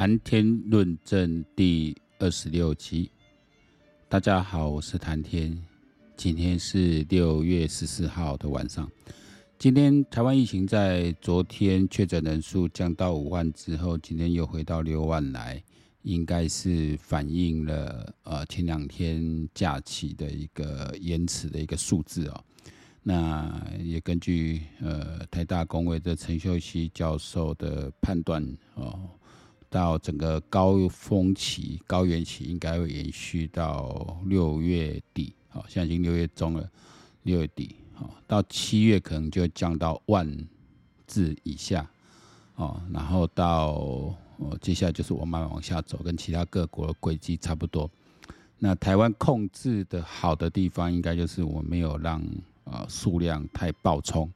談天論政第二十六集，大家好，我是談天，今天是六月十四號的晚上。今天台灣疫情在昨天確診人數降到五萬之後，今天又回到六萬來，應該是反映了呃前兩天假期的一個延遲的一個數字哦。那也根據呃台大公衛的陳秀熙教授的判斷哦。呃到整個高峰期，高原期應該會延續到六月底。好，哦，現在已經六月中了，六月底。好，哦，到七月可能就會降到萬字以下。哦，然後到，哦、接下來就是我慢慢往下走，跟其他各國的軌跡差不多。那台灣控制的好的地方，應該就是我沒有讓啊，呃、數量太暴沖。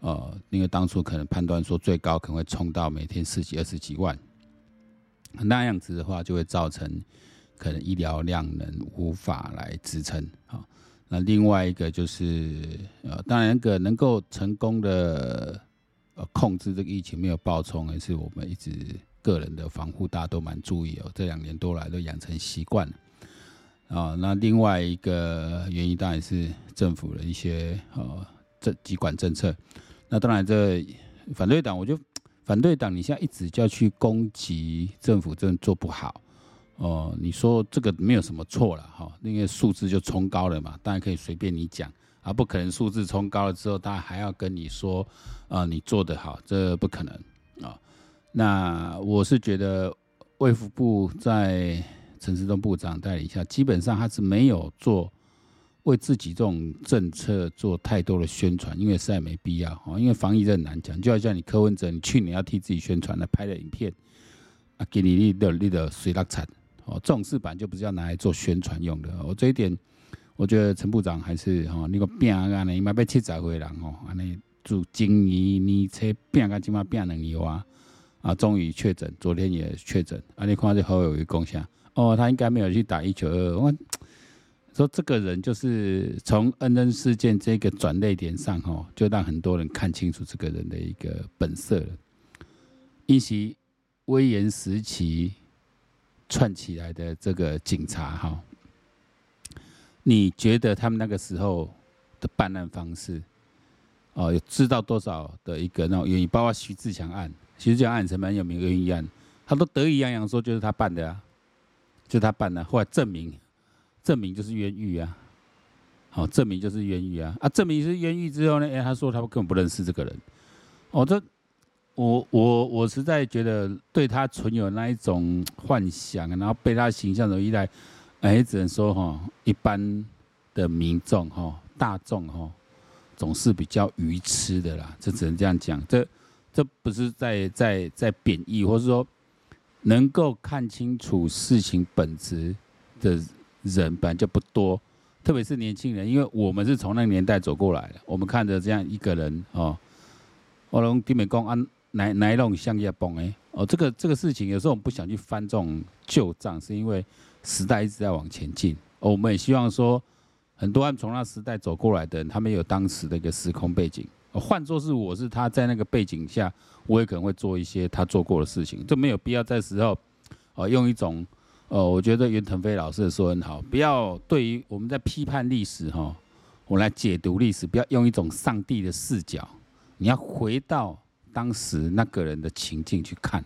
呃，因為當初可能判斷說最高可能會沖到每天十幾、二十幾萬。那樣子的話，就會造成可能醫療量能無法來支撐。好，那另外一個就是呃，當然個能夠成功的呃控制這個疫情沒有爆衝，也是我們一直個人的防護，大家都蠻注意哦。這兩年多來都養成習慣。啊，那另外一個原因當然是政府的一些呃疾管政策。那當然這反對黨，我就。反對黨，你現在一直就要去攻擊政府，真的做不好，哦、呃，你說這個沒有什麼錯了哈，因為數字就衝高了嘛，當然可以隨便你講，啊，不可能數字衝高了之後，他還要跟你說，啊、呃，你做得好，這個、不可能啊、呃。那我是覺得衛福部在陳時中部長帶領下，基本上他是沒有做。為自己這種政策做太多的宣傳，因為實在沒必要。哦，因為防疫這很難講，就好像你柯文哲，你去年要替自己宣傳的拍的影片，啊，給你你的你的水當鏟哦，這種事版就不是要拿來做宣傳用的。我、哦、這一點，我覺得陳部長還是哦，那個病啊，你媽被七十回人哦，安尼住精年年車，病啊，今晚病兩年哇。啊，終於確診，昨天也確診，安、啊、尼看這好友有共享。哦，他應該沒有去打一九二二。說這個人就是從恩恩事件這個轉捩點上，哈，就讓很多人看清楚這個人的一個本色了。以及威嚴時期串起來的這個警察，哈，你覺得他們那個時候的辦案方式，哦，有知道多少的一個那種原因？包括徐自強案，徐自強案什麼有名的冤案，他都得意洋洋說就是他辦的啊，就是他辦的啊，後來證明。證明就是冤獄啊！好，證明就是冤獄啊！啊，證明是冤獄之後呢？哎、欸，他說他們根本不認識這個人。哦，這我我我實在覺得對他存有那一種幻想，然後被他形象所依賴，哎、欸，只能說哈，一般的民眾哈，大眾哈，總是比較愚痴的啦，這只能這樣講。這這不是在在在貶義，或是說能夠看清楚事情本質的。人本來就不多，特別是年輕人，因為我們是從那個年代走過來的，我們看着這樣一個人哦，歐龍地面公安來來龍向業崩哎哦，這個這個事情，有時候我們不想去翻這種舊賬，是因為時代一直在往前進、喔，我們也希望說，很多人從那時代走過來的人，他們有當時的一個時空背景，換作是我是他在那個背景下，我也可能會做一些他做過的事情，就沒有必要在時候啊、喔、用一種。哦，我覺得袁騰飛老師的說很好，不要對於我們在批判歷史哈、哦，我們來解讀歷史，不要用一種上帝的視角，你要回到當時那個人的情境去看。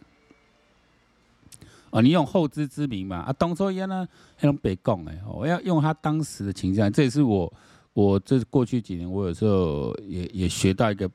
哦，你用後知之明嘛，啊，董卓也呢，像北貢哎，我要用他當時的情景。這也是我我這過去幾年我有時候也也學到一個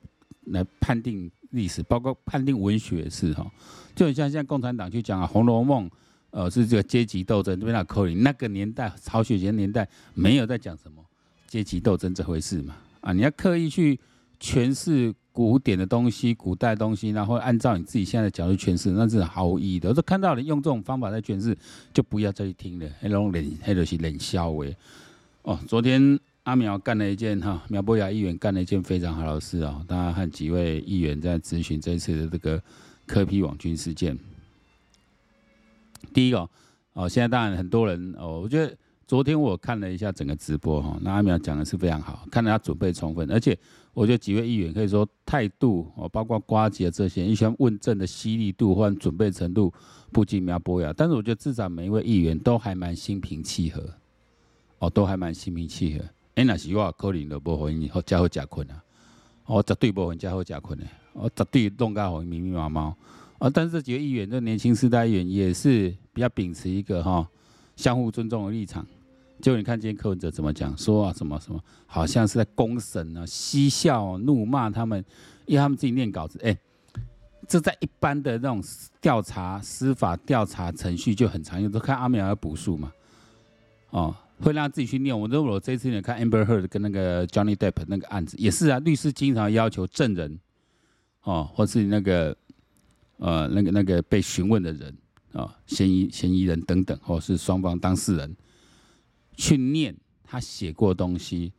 來判定歷史，包括判定文學也是哈、哦，就像現在共產黨去講啊，《紅樓夢》。呃，是這個階級鬥爭，對不對，那扣你。那個年代，曹雪芹年代沒有在講什麼階級鬥爭這回事嘛？啊，你要刻意去詮釋古典的東西、古代的東西，然後按照你自己現在的角度詮釋，那是毫無意義的。我說看到你用這種方法在詮釋，就不要再去聽了，那種冷，那就是冷笑話。哦，昨天阿苗幹了一件哈，苗博雅議員幹了一件非常好的事哦，大家和幾位議員在質詢這一次的這個柯 P 網軍事件。第一個哦，哦，現在當然很多人哦，我覺得昨天我看了一下整個直播哈，那阿苗講的是非常好，看來他準備充分，而且我覺得幾位議員可以說態度哦，包括呱吉這些，一些問政的犀利度或者準備程度不及苗博雅，但是我覺得至少每一位議員都還蠻心平氣和，哦，都還蠻心平氣和。哎，那是我啊，可能都不會，以後食好食睏啊，我絕對不會食好食睏的，我絕對弄個好密密麻麻。啊！但是這幾個議員，這年輕世代議員也是比較秉持一個哈、哦、相互尊重的立場。就你看今天柯文哲怎麼講，說啊什麼什麼，好像是在公審呢、啊，嬉笑怒罵他們，因為他們自己念稿子。哎、欸，這在一般的那種調查司法調查程序就很常用，都看阿米爾要補述嘛。哦，會讓他自己去念。我認為我這次也看 Amber Heard 跟那個 Johnny Depp 那個案子，也是啊，律師經常要求證人哦，或是那個。呃，那個那個被詢問的人啊、喔，嫌疑嫌疑人等等，或是雙方當事人，去念他寫過的東西，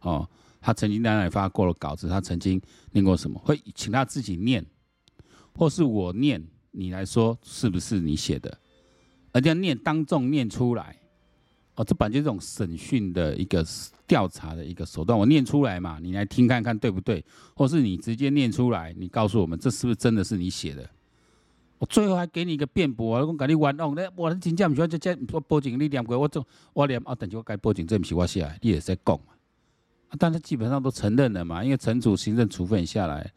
哦、喔，他曾經在那裡發過了稿子，他曾經念過什麼，會請他自己念，或是我念，你來說是不是你寫的，而且念當眾念出來，哦、喔，這本就是一種審訊的一個調查的一個手段，我念出來嘛，你來聽看看對不對，或是你直接念出來，你告訴我們這是不是真的是你寫的。我最後還給你一個辯駁啊！我講跟你冤枉咧，我你真正不是我這這我報警你念過我做我念啊，但是我該報警這不是我寫，你也是在講啊，但是基本上都承認了嘛，因為懲處行政處分下來。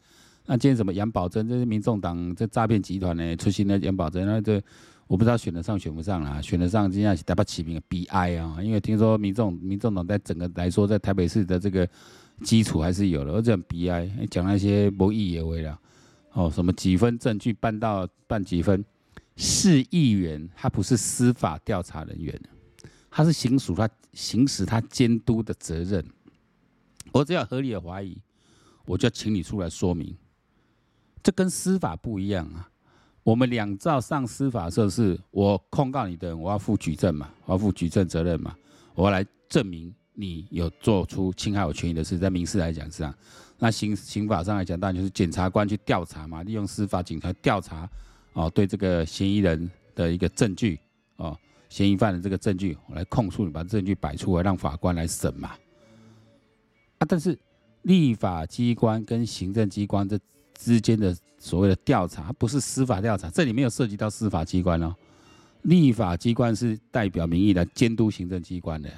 那今天什麼楊保真，這些民眾黨這詐騙集團呢，出現的楊保真。那這我不知道選得上選不上啦。選得上，今天是台北市民的悲哀啊，因為聽說民眾民眾，民眾黨在整個來說，在台北市的這個基礎還是有的。而且悲哀講那些無意義的為了。哦，什麼幾分證據辦到辦幾分？市議員他不是司法調查人員，他是行署，他行使他監督的責任。我只要合理的懷疑，我就要請你出來說明。這跟司法不一樣啊。我們兩造上司法設施，我控告你的人，我要負舉證嘛，我要負舉證責任嘛，我要來證明你有做出侵害我權益的事，在民事來講是這樣。那刑刑法上來講，當然就是檢察官去調查嘛，利用司法警察調查，哦，對這個嫌疑人的一個證據，哦，嫌疑犯的這個證據，我來控訴你，把證據擺出來，讓法官來審嘛。啊，但是立法機關跟行政機關這之間的所謂的調查，不是司法調查，這裡沒有涉及到司法機關哦。立法機關是代表民意來監督行政機關的，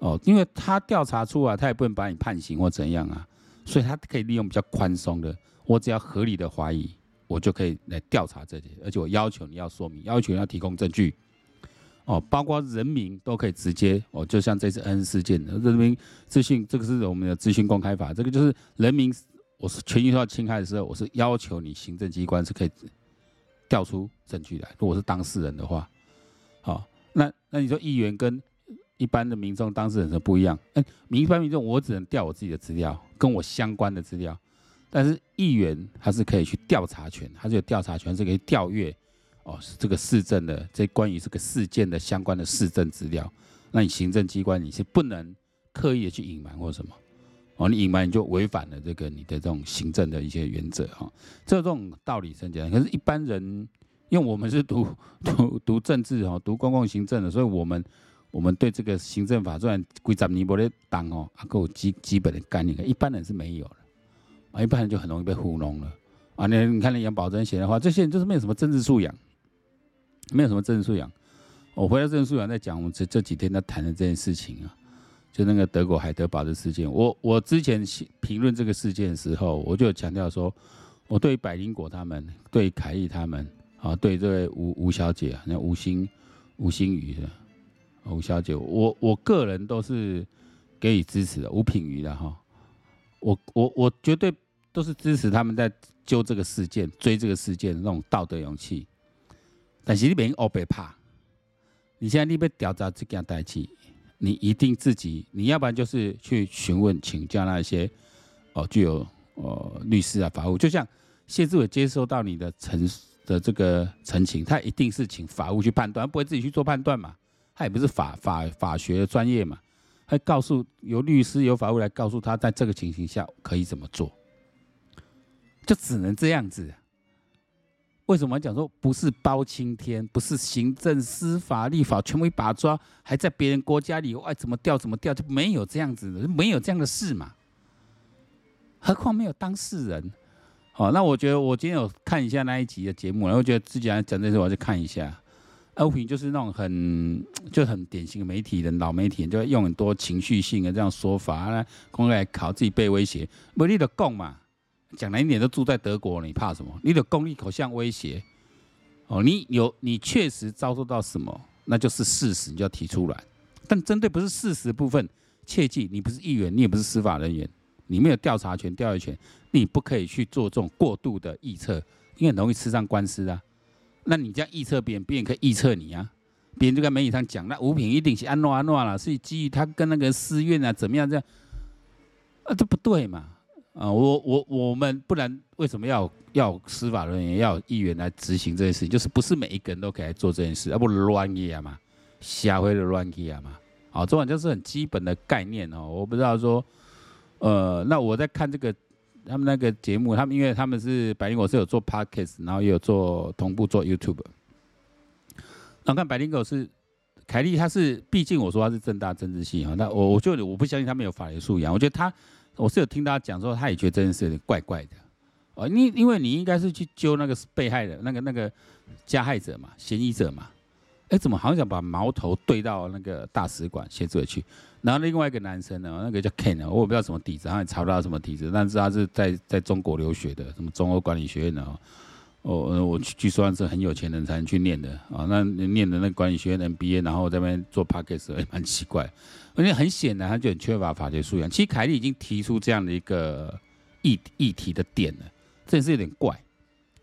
哦，因為他調查出來，他也不能把你判刑或怎樣啊。所以他可以利用比較寬鬆的，我只要合理的懷疑，我就可以來調查這些，而且我要求你要說明，要求你要提供證據，哦，包括人民都可以直接哦，就像這次 N 事件的人民資訊，這個是我們的資訊公開法，這個就是人民我是權益受到侵害的時候，我是要求你行政機關是可以調出證據來，如果是當事人的話，好，哦，那那你說議員跟一般的民眾當事人是不一樣，哎，一般民眾我只能調我自己的資料，跟我相關的資料。但是議員他是可以去調查權，他是有調查權，是可以調閱哦，這個市政的這關於這個事件的相關的市政資料。那你行政機關你是不能刻意的去隱瞞或什麼，哦，你隱瞞你就違反了這個你的這種行政的一些原則哈。這種道理是很簡單，可是一般人，因為我們是讀讀讀政治哈，讀公共行政的，所以我們。我們對這個行政法傳規章、尼泊的黨哦，基基本的概念，一般人是沒有的啊，一般人就很容易被糊弄了啊。那你看，李揚保真寫的話，這些人就是沒有什麼政治素養，沒有什麼政治素養。我回到政治素養再講，我這這幾天在談的這件事情啊，就那個德國海德堡的事件。我我之前評論這個事件的時候，我就有強調說，我對百靈果他們，對凱莉他們啊，對這位吳吳小姐啊，那吳昕、吳昕洪小姐，我我個人都是給予支持的，吳品瑜的哈。我我我絕對都是支持他們在揪這個事件、追這個事件那種道德勇氣。但是你別，我別怕。你現在你被調查這樣代志，你一定自己，你要不然就是去詢問、請教那些哦具有呃律師啊、法務。就像謝志偉接收到你的陳的這個陳情，他一定是請法務去判斷，不會自己去做判斷嘛。他也不是法法法學專業嘛，還告訴由律師由法務來告訴他，在這個情形下可以怎麼做，就只能這樣子。為什麼講說不是包青天，不是行政、司法、立法權威一把抓，還在別人國家裡，哎，怎麼調怎麼調，就沒有這樣子的，沒有這樣的事嘛。何況沒有當事人。好，那我覺得我今天有看一下那一集的節目，然後覺得自己還講這些，我要看一下。阿平就是那種很就很典型的媒體人，老媒體人就會用很多情緒性的這樣說法說來公開考自己被威脅。你的供嘛，講難一點都住在德國，你怕什麼？你的供一口向威脅哦，你有你確實遭受到什麼，那就是事實，你就要提出來。但針對不是事實的部分，切記你不是議員，你也不是司法人員，你沒有調查權、調查權，你不可以去做這種過度的臆測，因為很容易吃上官司啊。那你這樣臆測別人，別人可以臆測你啊。別人就跟媒體上講，那五品一定是安諾安諾啦，是基於他跟那個私怨啊，怎麼樣這樣？啊，這不對嘛！啊，我我我們不然為什麼要要司法人員要議員來執行這件事情？就是不是每一個人都可以來做這件事，要、啊、不亂去啊嘛，瞎的亂去啊嘛？好，這玩意就是很基本的概念哦。我不知道說，呃，那我在看這個。他們那個節目，他們因為他們是百靈果，是有做 podcast，然後也有做同步做 YouTube。然後看百靈果是凱莉他是，她是畢竟我說她是政大政治系啊，那我我就我不相信他沒有法律素養，我覺得他我是有聽他講說，他也覺得真的是有點怪怪的。哦，你因為你應該是去揪那個被害的那個那個加害者嘛、嫌疑者嘛。哎、欸，怎麼好像想把矛頭對到那個大使館協助去？然後另外一個男生呢，那個叫 Ken 我也不知道什麼底子，他也查不到什麼底子，但是他是在在中國留學的，什麼中歐管理學院的啊，哦，我去據說他是很有錢人才能去念的啊、哦，那念的那管理學院的 MBA 然後在那邊做 Podcast 也蠻奇怪，而且很顯然他就很缺乏法學素養。其實凱莉已經提出這樣的一個議議題的點了，這也是有點怪，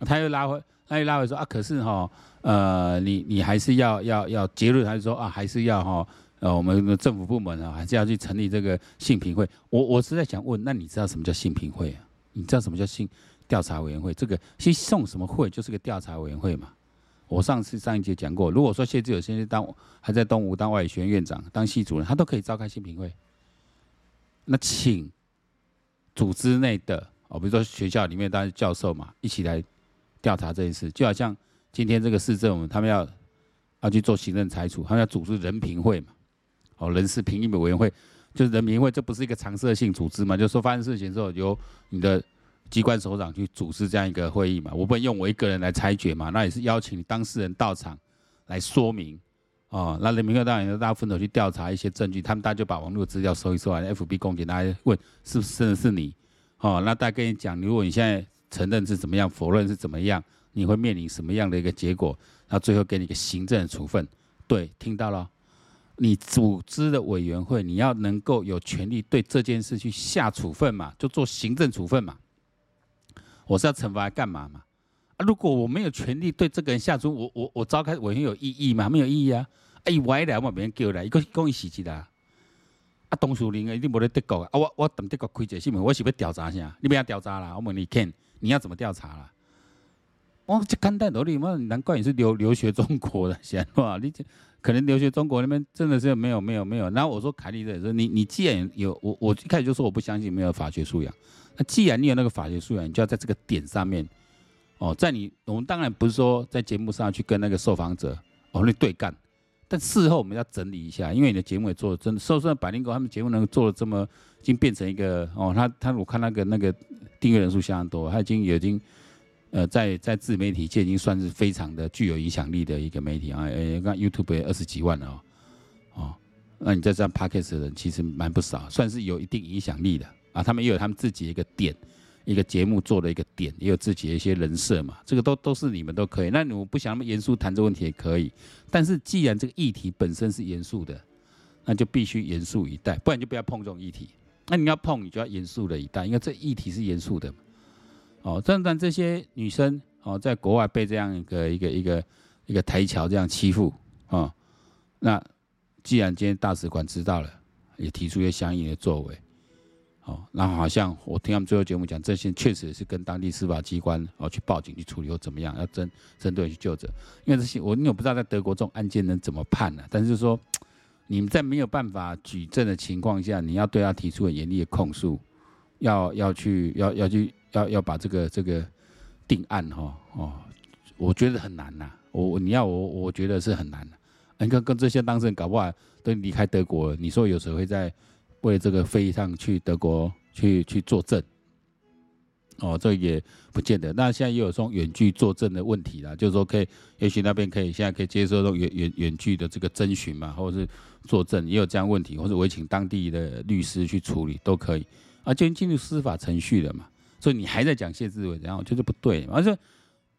他又拉回，他又拉回說啊，可是哈、哦，呃，你你還是要要要結論還是說啊，還是要哈。哦啊、哦，我們的政府部門呢、啊，還是要去成立這個性平會。我我是在想問，那你知道什麼叫性平會啊？你知道什麼叫性調查委員會？這個性送什麼會就是個調查委員會嘛。我上次上一節講過，如果說謝志偉先生當還在東吳當外語學院院長、當系主任，他都可以召開性平會。那請組織內的哦，比如說學校裡面當教授嘛，一起來調查這一次，就好像今天這個市政府他們要要去做行政裁處，他們要組織人評會嘛。哦，人事評議委員會就是人民會，這不是一個常設性組織嘛？就是說，發生事情之後，由你的機關首長去主持這樣一個會議嘛，我不能用我一個人來裁決嘛？那也是邀請你當事人到場來說明。哦，那人民會當然要大家分頭去調查一些證據，他們大家就把網絡資料搜一搜啊，FB 供給大家問，是不是真的是你？哦，那大家跟你講，如果你現在承認是怎麼樣，否認是怎麼樣，你會面臨什麼樣的一個結果？那最後給你一個行政的處分。對，聽到了。你組織的委員會，你要能夠有權利對這件事去下處分嘛，就做行政處分嘛。我是要懲罰幹嘛嘛？啊，如果我沒有權利對這個人下處，我我我召開委員會有意義嘛？沒有意義啊？哎，伊歪了，阮免叫伊來，伊講伊死去了啊。啊，當事人啊一定無在德國啊，啊。我我到德國開個新聞，我是要調查啥？下，你不要調查啦？我問你看你要怎麼調查啦？我這看待哪裡嘛？難怪你是留留學中國的，是、啊、你這。可能留學中國那邊真的是沒有沒有沒有。然後我說凱利的人，你你既然有，我我一開始就說我不相信沒有法學素養，那既然你有那個法學素養，你就要在這個點上面，哦，在你我們當然不是說在節目上去跟那個受訪者哦那對幹，但事後我們要整理一下，因為你的節目也做得真的，就算百靈果他們節目能做得這麼，已經變成一個哦，他他我看那個那個訂閱人數相當多，他已經有已經。呃，在在自媒體界已經算是非常的具有影響力的一個媒體啊，呃、欸，那 YouTube 也二十幾萬了哦，哦，那你在這樣 Podcast 的人其實蠻不少，算是有一定影響力的啊。他們也有他們自己的一個點，一個節目做的一個點，也有自己的一些人設嘛。這個都都是你們都可以。那你不想那麼嚴肅談這問題也可以，但是既然這個議題本身是嚴肅的，那就必須嚴肅以待，不然就不要碰這種議題。那你要碰，你就要嚴肅的以待，因為這議題是嚴肅的。哦，但但這些女生哦，在國外被這樣一個一個一個一個台僑這樣欺負啊、哦，那既然今天大使館知道了，也提出一些相應的作為，哦，然後好像我聽他們最後節目講，這些確實是跟當地司法機關哦去報警去處理或怎麼樣，要針針對去究責。因為這些我你我不知道在德國這種案件能怎麼判呢、啊？但是，是說，你們在沒有辦法舉證的情況下，你要對他提出很嚴厲的控訴，要要去要要去。要要去要要把這個這個定案哈哦，哦，我覺得很難吶、啊。我你要我我覺得是很難你、啊、看、啊、跟這些當事人搞不好都離開德國了，你說有誰會在為這個飛上去德國去去作證？哦，這也不見得。那現在又有這種遠距作證的問題了，就是說可以，也許那邊可以現在可以接受從遠遠遠距的這個徵詢嘛，或者是作證，也有這樣問題，或者我請當地的律師去處理都可以。啊，就進入司法程序了嘛。所以你還在講謝志偉，然後我覺得就不對。我說，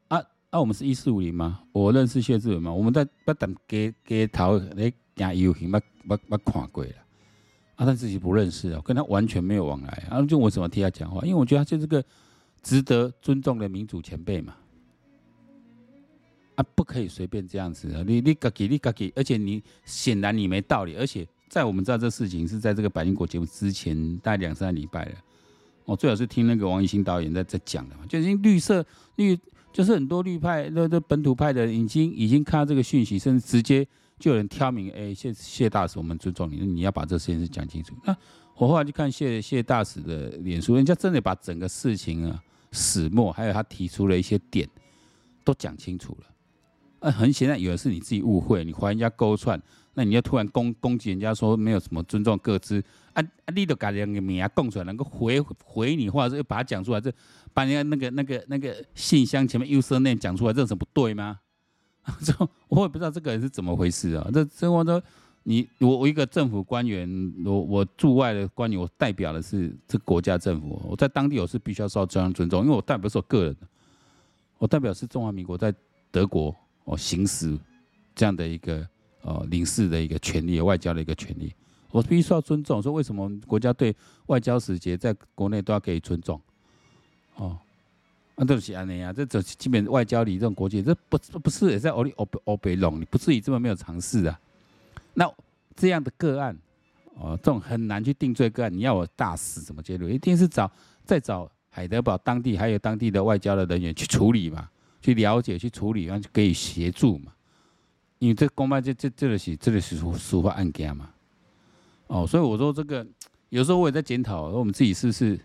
啊啊，我們是一四五零嗎？我認識謝志偉嗎？我們在不等街街頭，那加遊行不不不看過了啊，他自己不認識啊，跟他完全沒有往來啊。就我怎麼替他講話？因為我覺得他就是個值得尊重的民主前輩嘛。啊，不可以隨便這樣子啊！你你自你自己，而且你顯然你沒道理。而且在我們知道這事情是在這個《百靈果》節目之前大概兩三禮拜了。我最好是聽那個王藝興導演在在講的嘛，就是綠色綠，就是很多綠派那那本土派的人，已經已經看到這個訊息，甚至直接就有人挑明，哎，謝謝大使，我們尊重你，你要把這事情講清楚。那我後來就看謝謝大使的臉書，人家真的把整個事情啊始末，還有他提出的一些點，都講清楚了。呃、啊，很顯然，有的是你自己誤會，你懷疑人家勾串，那你就突然攻攻擊人家說沒有什麼尊重個資啊啊！你都改兩個名啊，供出來能夠回回你，或者是把它講出來，這把人家那個那個那個信箱前面 username 講出來，這是不對嗎？啊、就我也不知道這個人是怎麼回事啊！這所以我說，你我我一個政府官員，我我駐外的官員，我代表的是這國家政府。我在當地，我是必須要受到這樣尊重，因為我代表是我個人，我代表是中華民國在德國。我行使這樣的一個呃領事的一個權利，外交的一個權利，我必須要尊重。說為什麼國家對外交使節在國內都要給予尊重？哦，啊，對不起，安妮啊，這種、就是、基本外交禮這種國際，這不不是也在歐里歐歐北龍？你不至於這麼沒有常識啊？那這樣的個案，哦、呃，這種很難去定罪個案。你要我大使怎麼介入？一定是找再找海德堡當地還有當地的外交的人員去處理嘛？去了解、去處理，然後就可以協助嘛。因為這公辦這這這個、就是這個、就是司法案件嘛，哦，所以我說這個有時候我也在檢討，我說我們自己是不是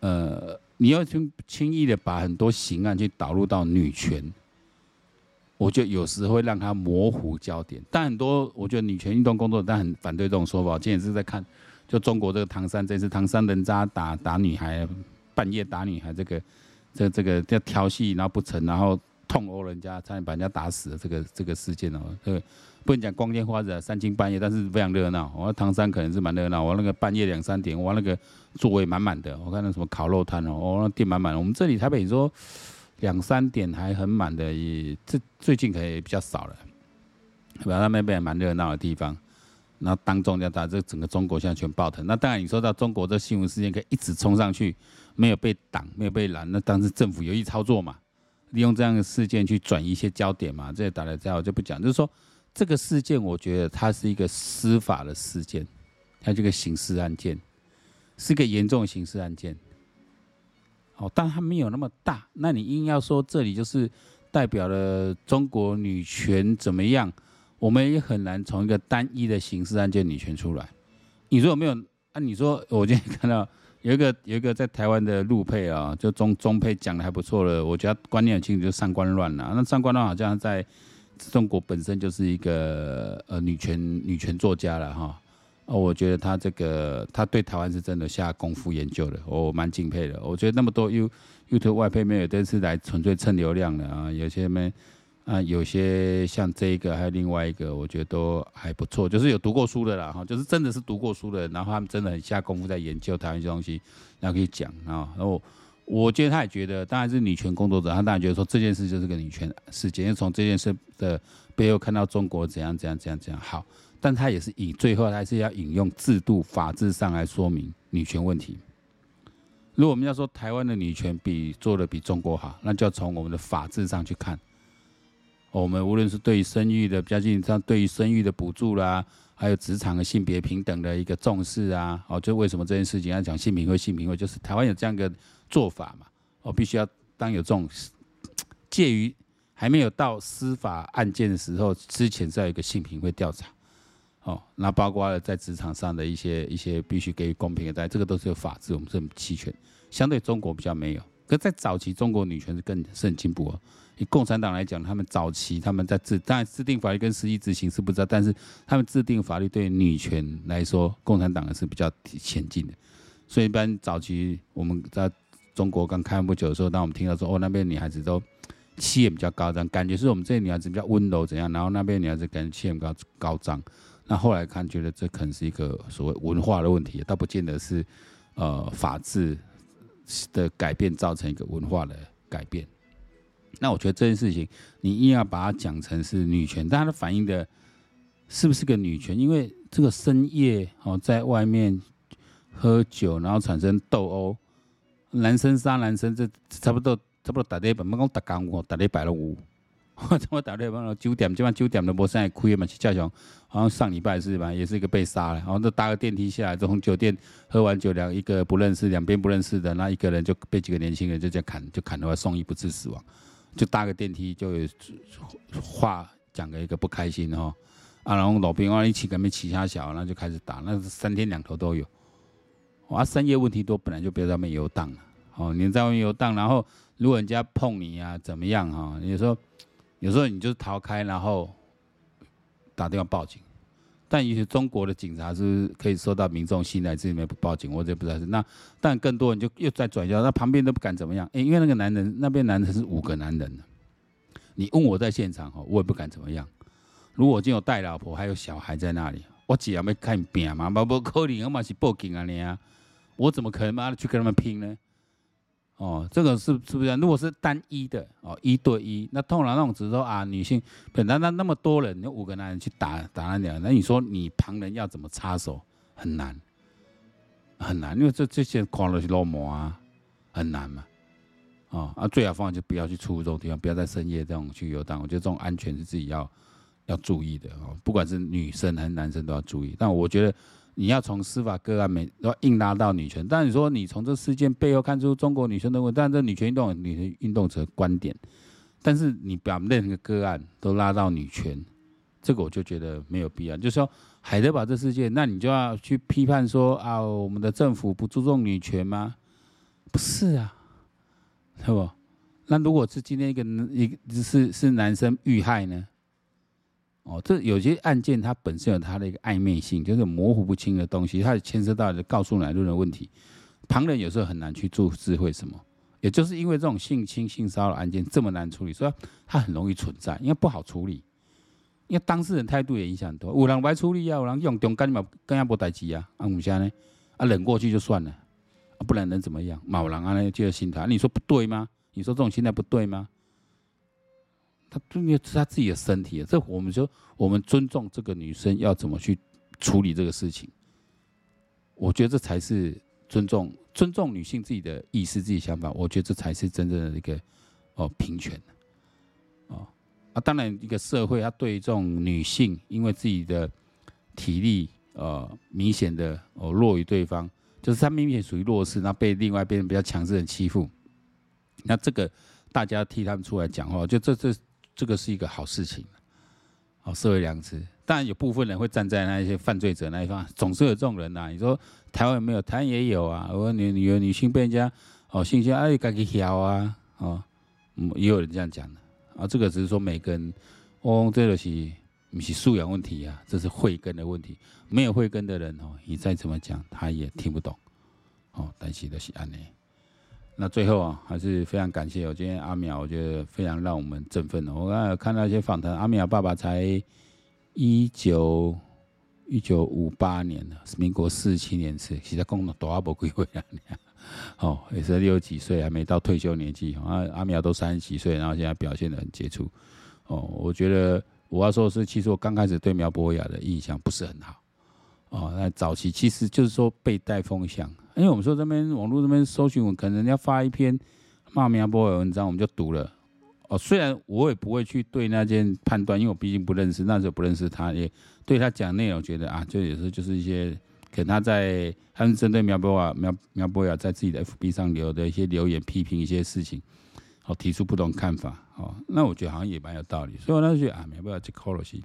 呃，你要輕輕易的把很多刑案去導入到女權，我就有時候會讓她模糊焦點。但很多我覺得女權運動工作者很反對這種說法。我今天也是在看，就中國這個唐山這次、是唐山人渣打打女孩，半夜打女孩這個。這這個要調戲，然後不成，然後痛毆人家，差點把人家打死了。這個這個事件哦，這個不能講光天化日啊，三更半夜，但是非常熱鬧。我唐山可能是蠻熱鬧，我那個半夜兩三點，我的那個座位滿滿的。我看那什麼烤肉攤哦，我那店滿滿的。我們這裡台北，你說兩三點還很滿的也，也這最近可以比較少了。然後那邊也蠻熱鬧的地方，然後當中要打這整個中國現在全爆疼。那當然，你說到中國這新聞事件，可以一直衝上去。沒有被擋，沒有被攔，那當時政府有意操作嘛？利用這樣的事件去轉移一些焦點嘛？這也打了之後就不講，就是說這個事件，我覺得它是一個司法的事件，它這個刑事案件是一個嚴重刑事案件。哦，但它沒有那麼大，那你硬要說這裡就是代表了中國女權怎麼樣？我們也很難從一個單一的刑事案件女權出來。你說有沒有？啊，你說我今天看到。有一個有一個在台灣的陸配啊，就中中配講的還不錯了，我覺得觀念很清楚，就上官亂吶。那上官亂好像在中國本身就是一個呃女權女權作家了哈，我覺得她這個她對台灣是真的下功夫研究的，我、哦、蠻敬佩的。我覺得那麼多 you you, YouTube 外配，沒有都是來純粹蹭流量的啊，有些沒。啊，有些像這一個，還有另外一個，我覺得都還不錯。就是有讀過書的啦，哈，就是真的是讀過書的，然後他們真的很下功夫在研究台灣這東西，然後可以講啊。然後我，我覺得他也覺得，當然是女權工作者，他當然覺得說這件事就是個女權事件，因為從這件事的背後看到中國怎樣怎樣怎樣怎樣。好，但他也是引，最後還是要引用制度法治上來說明女權問題。如果我們要說台灣的女權比做的比中國好，那就要從我們的法治上去看。我們無論是對於生育的，比較近像，對於生育的補助啦，啊，還有職場的性別平等的一個重視啊，哦，就為什麼這件事情要講性平會，會？性平會就是台灣有這樣一個做法嘛，哦，必須要當有這種介於還沒有到司法案件的時候之前，是要有一個性平會調查，哦，那包括在職場上的一些一些必須給予公平的待遇，這個都是有法制，我們這麼齊全，相對中國比較沒有。可在早期，中國女權是更是很進步哦。以共產黨來講，他們早期他們在制，當然制定法律跟實際執行是不知道，但是他們制定法律對女權來說，共產黨還是比較前進的。所以一般早期我們在中國剛開不久的時候，當我們聽到說哦那邊女孩子都氣焰比較高漲，感覺是我們這些女孩子比較溫柔怎樣，然後那邊女孩子感覺氣焰比較高漲，那後來看覺得這可能是一個所謂文化的問題，倒不見得是呃法治。的改變造成一個文化的改變，那我覺得這件事情，你硬要把它講成是女權，但它的反映的，是不是個女權？因為這個深夜哦，在外面喝酒，然後產生鬥毆，男生殺男生，這差不多差不多打了一百，沒講打干我，打了一百了五。我怎 麼打？九點，今晚九點的，我現在虧嘛？去叫上，好像上禮拜是吧？也是一個被殺的。然後就搭個電梯下來，從酒店喝完酒兩一個不認識，兩邊不認識的那一個人就被幾個年輕人就這樣砍，就砍的話送醫不治死亡。就搭個電梯，就有話講個一個不開心、哦、啊，然後老邊，我、啊、一起跟面起蝦小，那就開始打。那是三天兩頭都有。哇、啊，深夜問題多，本來就不要在外面游蕩了。哦，你在外面游蕩，然後如果人家碰你啊，怎麼樣哈、哦？你說。有時候你就逃開，然後打電話報警，但有些中國的警察是，是可以受到民眾信賴，這裡面不報警或者不知道是那，但更多人就又在轉移，那旁邊都不敢怎麼樣，欸、因為那個男人那邊男人是五個男人，你問我在現場哦，我也不敢怎麼樣，如果我有帶老婆還有小孩在那裡，我只要沒看病嘛，不可能嘛，是報警啊你啊，我怎麼可能媽的去跟他們拼呢？哦，這個是是不是？如果是單一的哦，一對一，那通常那種只是說啊，女性本來那那麼多人，那五個男人去打打人家，那你說你旁人要怎麼插手？很難，很難，因為這這些人可能是流氓啊，很難嘛。哦，啊，最好方法就不要去出入這種地方，不要在深夜這種去遊蕩。我覺得這種安全是自己要要注意的哦，不管是女生還是男生都要注意。但我覺得。你要從司法個案每要硬拉到女權，但你說你從這事件背後看出中國女生的問題，但這女權運動、女權運動者觀點，但是你把任何個個案都拉到女權，這個我就覺得沒有必要。就是說海德堡這事件，那你就要去批判說啊，我們的政府不注重女權嗎？不是啊，是啊，是不？那如果是今天一個一個是是男生遇害呢？哦，這有些案件它本身有它的一個曖昧性，就是模糊不清的東西，它也牽涉到的告訴乃論的問題，旁人有時候很難去做智慧什麼。也就是因為這種性侵、性騷擾案件這麼難處理，所以它很容易存在，因為不好處理，因為當事人態度也影響很多。有人不愛處理啊，有人用中間嘛，更加無代誌啊，安吾蝦呢？啊，忍過去就算了，啊，不然能怎麼樣？某人安呢，這種心態，啊，你說不對嗎？你說這種心態不對嗎？他對重是他自己的身體，這我們說，我們尊重這個女生要怎麼去處理這個事情。我覺得這才是尊重，尊重女性自己的意識、自己想法。我覺得這才是真正的一個哦平權。哦啊，當然一個社會它對於這種女性，因為自己的體力呃明顯的哦弱於對方，就是她明顯屬於弱勢，那被另外一邊比較強勢的人欺負，那這個大家替他們出來講話，就這這。這這個是一個好事情，好，社會良知。當然有部分人會站在那一些犯罪者那一方，總是有這種人吶、啊。你說台灣沒有，台灣也有啊。我女女女性被人家哦性侵，哎、啊，家去嫖啊，哦，嗯，也有人這樣講的。啊，這個只是說每個人，哦，這個、就是不是素養問題啊，這是慧根的問題。沒有慧根的人哦，你再怎麼講，他也聽不懂。哦，但是都是安尼。那最後啊，還是非常感謝我今天阿苗，我覺得非常讓我們振奮的。我剛才有看到一些訪談，阿苗爸爸才一九一九五八年了，是民國四七年次，其實工作多阿伯貴貴啊，哦，也是六幾歲，還沒到退休年紀。阿阿苗都三十幾歲，然後現在表現得很傑出。哦，我覺得我要說的，是其實我剛開始對苗博雅的印象不是很好。哦，那早期其實就是說被帶風向。因為我們說這邊網絡這邊搜尋，我可能人家發一篇罵苗博雅的文章，我們就讀了。哦，雖然我也不會去對那件判斷，因為我畢竟不認識，那時候不認識他也，也對他講內容覺得啊，就也是就是一些，可他在他們針對苗博雅，苗苗博雅在自己的 FB 上留的一些留言，批評一些事情，好提出不同看法，喔。那我覺得好像也蠻有道理，所以我那時候覺得啊，苗博雅要去 c 了先。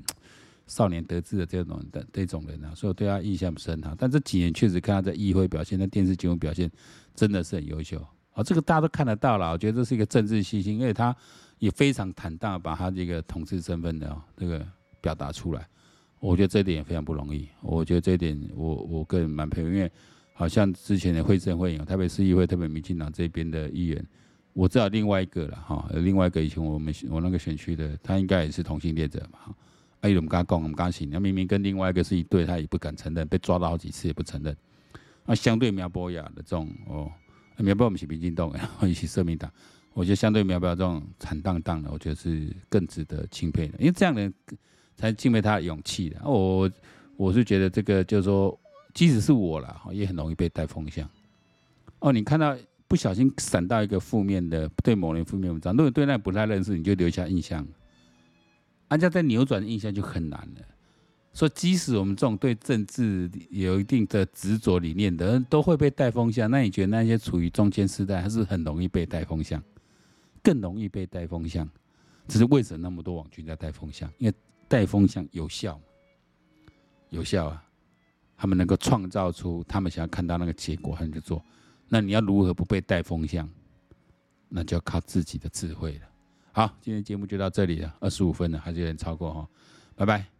少年得志的這種的這種人啊，所以我對他印象不是很好。但這幾年確實看他在議會表現，在電視節目表現真的是很優秀啊。這個大家都看得到了，我覺得這是一個政治信心，因為他也非常坦蕩，把他這個同志身份的這個表達出來。我覺得這一點也非常不容易。我覺得這一點我我個人蠻佩服，因為好像之前的會政會友，特別是議會特別民進黨這邊的議員，我知道另外一個了哈，另外一個以前我們我那個選區的，他應該也是同性戀者嘛。哎呦，跟他講，唔敢信。他明明跟另外一個是一對，他也不敢承認，被抓了好幾次也不承認。那、啊、相對苗博雅的這種，哦，苗博我們一起民進黨，然後一起社民黨，我覺得相對苗博雅這種坦蕩蕩的，我覺得是更值得欽佩的，因為這樣的人才敬佩他的勇氣的。我我是覺得這個就是說，即使是我了，也很容易被帶風向。哦，你看到不小心閃到一個負面的，對某人負面文章，如果你對那個不太認識，你就留下印象。安家在扭轉的印象就很難了，所以即使我們這種對政治有一定的執着理念的人，都會被帶風向。那你覺得那些處於中間時代，還是很容易被帶風向，更容易被帶風向。只是為什麼那麼多網軍在帶風向？因為帶風向有效，有效啊！他們能夠創造出他們想要看到那個結果，他們就做。那你要如何不被帶風向？那就要靠自己的智慧了。好，今天節目就到這裡了，二十五分了，還是有點超過哈、哦，拜拜。